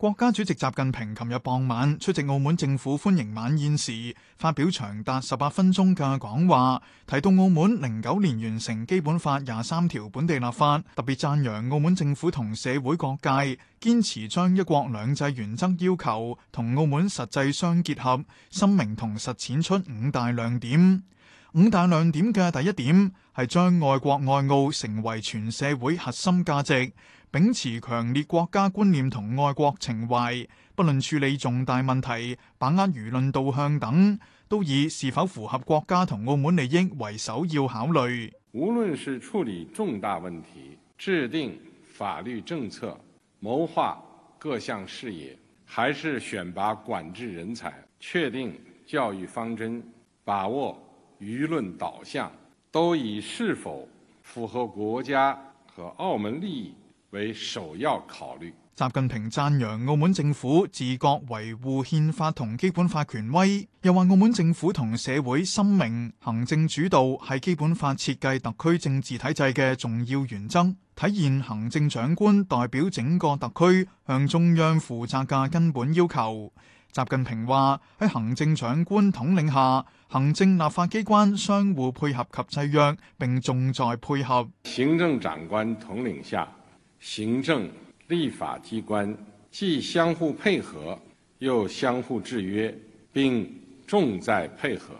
國家主席習近平琴日傍晚出席澳門政府歡迎晚宴時，發表長達十八分鐘嘅講話，提到澳門零九年完成基本法廿三條本地立法，特別讚揚澳門政府同社會各界堅持將一國兩制原則要求同澳門實際相結合，深明同實踐出五大亮點。五大亮點嘅第一點。係將愛國愛澳成為全社會核心價值，秉持強烈國家觀念同愛國情懷，不論處理重大問題，把握輿論導向等，都以是否符合國家同澳門利益為首要考慮。無論是處理重大問題、制定法律政策、謀劃各項事業，還是選拔管制人才、確定教育方針、把握輿論導向。都以是否符合國家和澳門利益為首要考慮，習近平讚揚澳門政府自覺維護憲法同基本法權威，又話澳門政府同社會深明行政主導係基本法設計特區政治體制嘅重要原則，體現行政長官代表整個特區向中央負責嘅根本要求。習近平話：喺行政長官統領下，行政立法機關相互配合及制約，並重在配合。行政長官統領下，行政立法機關既相互配合，又相互制約，並重在配合。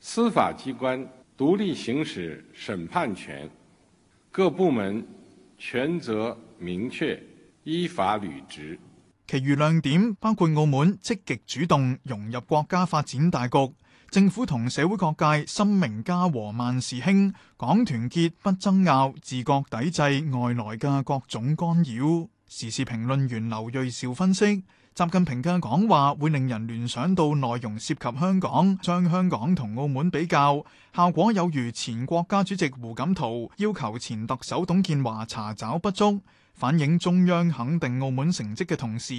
司法機關獨立行使審判權，各部門權責明確，依法履職。其餘亮點包括澳門積極主動融入國家發展大局，政府同社會各界深明家和萬事興，講團結不爭拗，自覺抵制外來嘅各種干擾。時事評論員劉瑞兆分析，習近平嘅講話會令人聯想到內容涉及香港，將香港同澳門比較，效果有如前國家主席胡錦濤要求前特首董建華查找不足。反映中央肯定澳門成績嘅同時，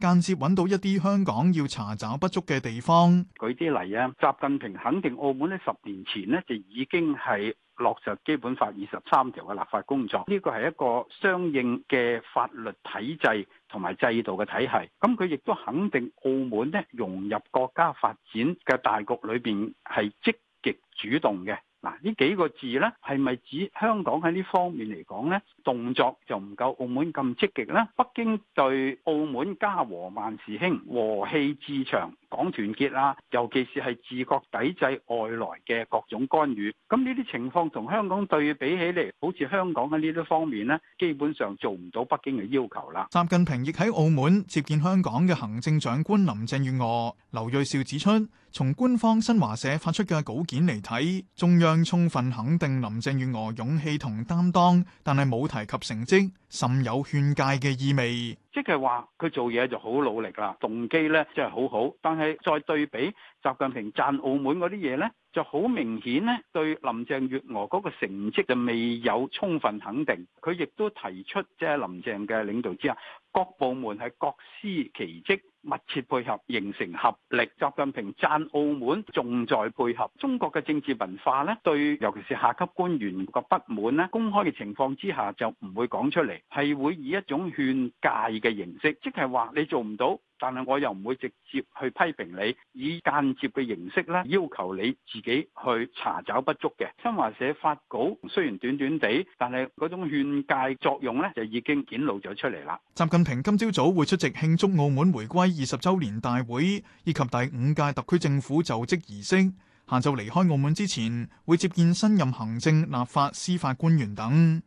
間接揾到一啲香港要查找不足嘅地方。舉啲例啊，習近平肯定澳門咧，十年前咧就已經係落實基本法二十三條嘅立法工作，呢個係一個相應嘅法律體制同埋制度嘅體系。咁佢亦都肯定澳門咧融入國家發展嘅大局裏邊，係積極主動嘅。嗱，呢幾個字咧，係咪指香港喺呢方面嚟講咧？動作就唔夠澳門咁積極咧？北京對澳門家和萬事興、和氣致祥講團結啊，尤其是係自覺抵制外來嘅各種干預，咁呢啲情況同香港對比起嚟，好似香港喺呢啲方面咧，基本上做唔到北京嘅要求啦。習近平亦喺澳門接見香港嘅行政長官林鄭月娥，劉瑞兆指出，從官方新華社發出嘅稿件嚟睇，中央充分肯定林鄭月娥勇氣同擔當，但係冇提及成績，甚有勸戒嘅意味。即係話，佢做嘢就好努力啦，動機咧真係好好。但係再對比習近平讚澳門嗰啲嘢咧，就好明顯咧，對林鄭月娥嗰個成績就未有充分肯定。佢亦都提出，即係林鄭嘅領導之下，各部門係各司其職。密切配合，形成合力。習近平讚澳門，重在配合中國嘅政治文化咧。對，尤其是下級官員個不滿咧，公開嘅情況之下就唔會講出嚟，係會以一種勸誡嘅形式，即係話你做唔到。但係我又唔會直接去批評你，以間接嘅形式咧，要求你自己去查找不足嘅。新華社發稿雖然短短地，但係嗰種勸戒作用咧就已經顯露咗出嚟啦。習近平今朝早會出席慶祝澳門回歸二十週年大會以及第五屆特區政府就職儀式，下晝離開澳門之前會接見新任行政、立法、司法官員等。